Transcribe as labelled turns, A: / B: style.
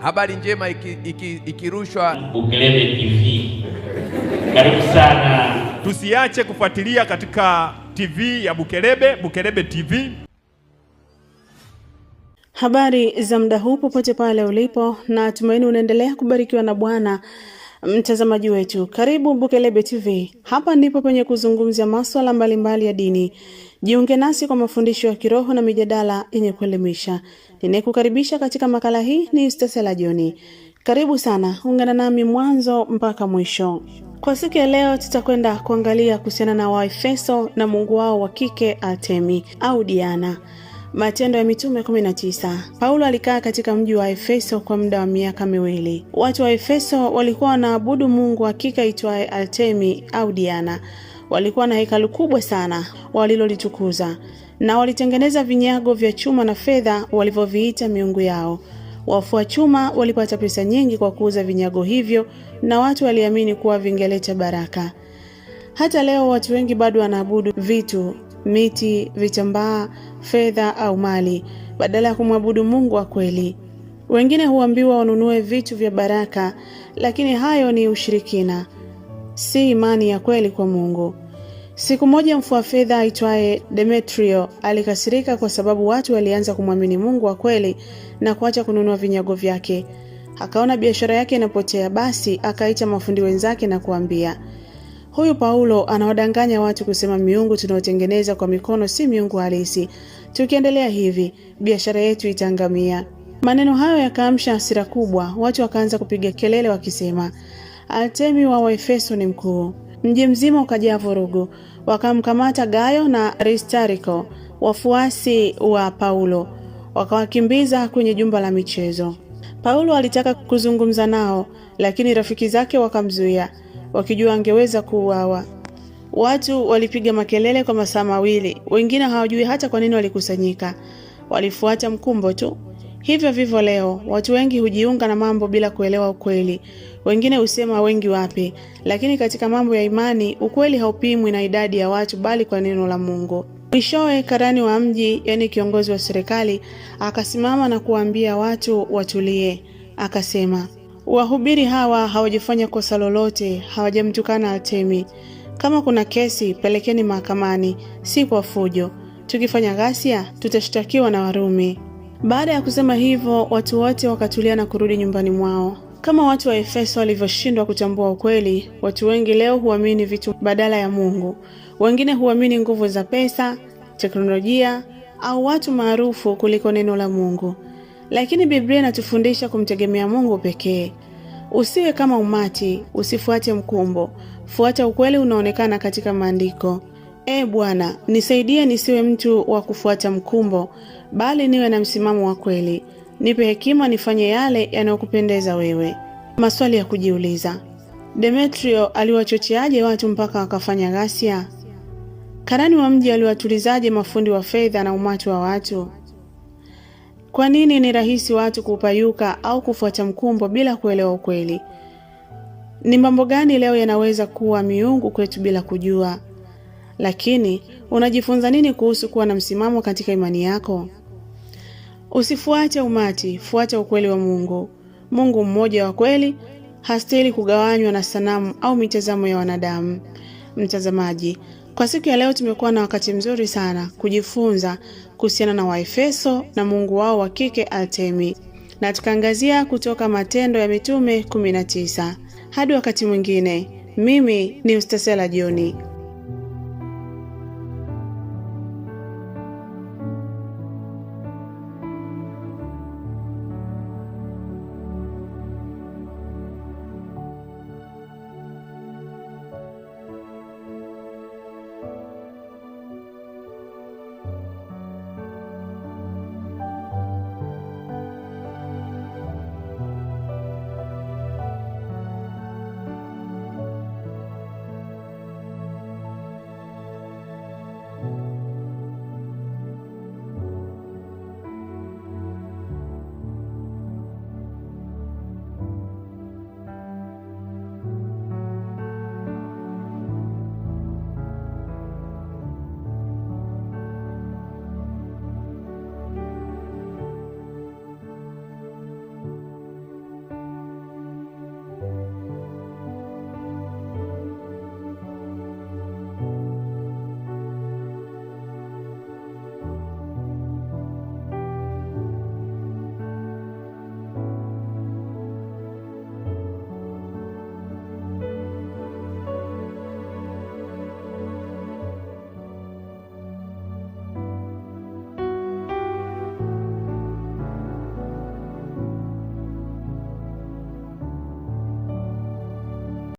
A: Habari njema ikirushwa iki,
B: iki Bukelebe TV. Karibu sana,
C: tusiache kufuatilia katika TV ya Bukelebe, Bukelebe TV.
D: Habari za muda huu popote pale ulipo, na tumaini unaendelea kubarikiwa na Bwana. Mtazamaji wetu, karibu Bukelebe TV. Hapa ndipo penye kuzungumzia masuala mbalimbali ya dini. Jiunge nasi kwa mafundisho ya kiroho na mijadala yenye kuelimisha. Ninayekukaribisha katika makala hii ni stesela Joni. Karibu sana, ungana nami mwanzo mpaka mwisho. Kwa siku ya leo tutakwenda kuangalia kuhusiana na Waefeso na mungu wao wa kike Artemi au Diana. Matendo ya Mitume 19. Paulo alikaa katika mji wa Efeso kwa muda wa miaka miwili. Watu wa Efeso walikuwa wanaabudu mungu wa itwaye aitwaye Artemi au Diana. Walikuwa na hekalu kubwa sana walilolitukuza, na walitengeneza vinyago vya chuma na fedha walivyoviita miungu yao. Wafua chuma walipata pesa nyingi kwa kuuza vinyago hivyo, na watu waliamini kuwa vingeleta baraka. Hata leo watu wengi bado wanaabudu vitu miti, vitambaa, fedha au mali badala ya kumwabudu Mungu wa kweli. Wengine huambiwa wanunue vitu vya baraka, lakini hayo ni ushirikina, si imani ya kweli kwa Mungu. Siku moja mfua fedha aitwaye Demetrio alikasirika kwa sababu watu walianza kumwamini Mungu wa kweli na kuacha kununua vinyago vyake. Akaona biashara yake inapotea, basi akaita mafundi wenzake na kuambia Huyu Paulo anawadanganya watu kusema miungu tunayotengeneza kwa mikono si miungu halisi. Tukiendelea hivi, biashara yetu itaangamia. Maneno hayo yakaamsha hasira kubwa, watu wakaanza kupiga kelele wakisema, Artemi wa Waefeso ni mkuu. Mji mzima ukajaa vurugu, wakamkamata Gayo na Aristariko, wafuasi wa Paulo, wakawakimbiza kwenye jumba la michezo. Paulo alitaka kuzungumza nao, lakini rafiki zake wakamzuia, wakijua angeweza kuuawa. Watu walipiga makelele kwa masaa mawili, wengine hawajui hata kwa nini walikusanyika. Walifuata mkumbo tu. Hivyo vivyo leo, watu wengi hujiunga na mambo bila kuelewa ukweli. Wengine husema wengi wapi, lakini katika mambo ya imani ukweli haupimwi na idadi ya watu, bali kwa neno la Mungu. Mwishowe karani wa mji, yaani kiongozi wa serikali, akasimama na kuwaambia watu watulie, akasema wahubiri hawa hawajafanya kosa lolote, hawajamtukana Artemi. Kama kuna kesi pelekeni mahakamani, si kwa fujo. Tukifanya ghasia, tutashtakiwa na Warumi. Baada ya kusema hivyo, watu wote wakatulia na kurudi nyumbani mwao. Kama watu wa Efeso walivyoshindwa kutambua ukweli, watu wengi leo huamini vitu badala ya Mungu. Wengine huamini nguvu za pesa, teknolojia au watu maarufu kuliko neno la Mungu. Lakini Biblia inatufundisha kumtegemea Mungu pekee. Usiwe kama umati, usifuate mkumbo, fuata ukweli unaonekana katika maandiko. E Bwana, nisaidie nisiwe mtu wa kufuata mkumbo, bali niwe na msimamo wa kweli. Nipe hekima nifanye yale yanayokupendeza wewe. Maswali ya kujiuliza: Demetrio aliwachocheaje watu mpaka wakafanya ghasia? Karani wa mji aliwatulizaje mafundi wa fedha na umati wa watu? Kwa nini ni rahisi watu kupayuka au kufuata mkumbo bila kuelewa ukweli? Ni mambo gani leo yanaweza kuwa miungu kwetu bila kujua? Lakini unajifunza nini kuhusu kuwa na msimamo katika imani yako? Usifuate umati, fuata ukweli wa Mungu. Mungu mmoja wa kweli hastahili kugawanywa na sanamu au mitazamo ya wanadamu. Mtazamaji, kwa siku ya leo tumekuwa na wakati mzuri sana kujifunza kuhusiana na Waefeso na Mungu wao wa kike Artemi na tukaangazia kutoka Matendo ya Mitume 19. Hadi wakati mwingine, mimi ni Ustasela Joni.